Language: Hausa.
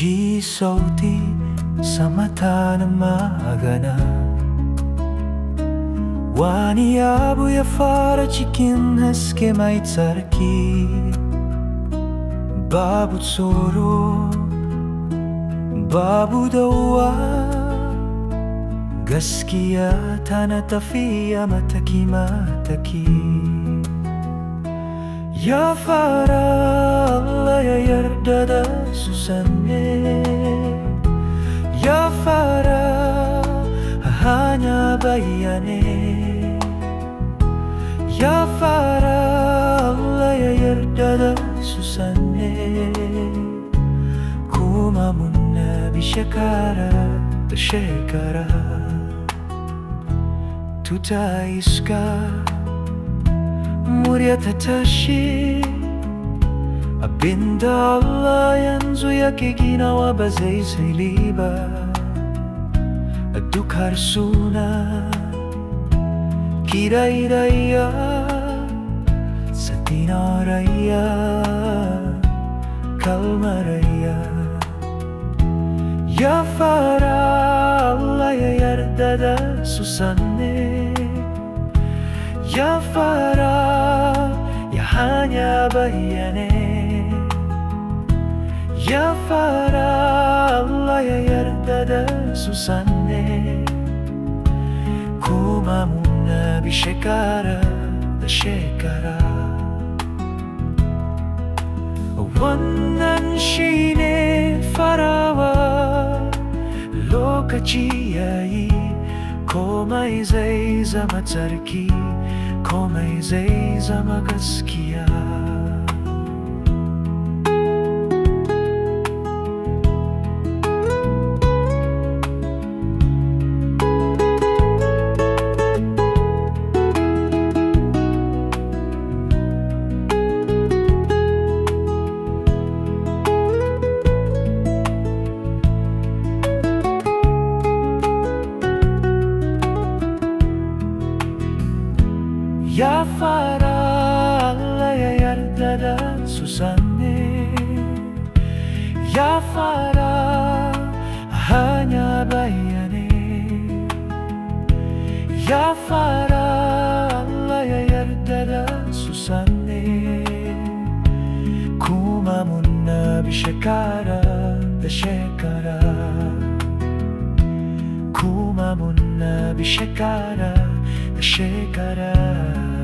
G so T sa mata ng ya fara chikin haske mai tsarki Babu tsoro babu dawa Gaskiya tana tafiya mataki mataki Ya fara Kaya yarda da susanne Ya fara hanya bayane Ya fara Allah ya yarda da susanne Kuma munna bir şekara Teşekkara Tutaiska Muriata taşir Bindala yanzu yake ginawa ba zai saili ba a duk harsuna kirairaya satinaraya kalmaraya ya fara Allah ya yarda da su sanne ya fara Ya farallaya yerinde sus anne Kuma munna bir şekara da şekara Wannan shine farawa lokaci yayi komai zai zama tsarki komai zai zama Yafaralara susanne fara hanya bayane Yafaralara yardara susanne Kuma munna bishakara bishakara Kuma munna bishakara bishakara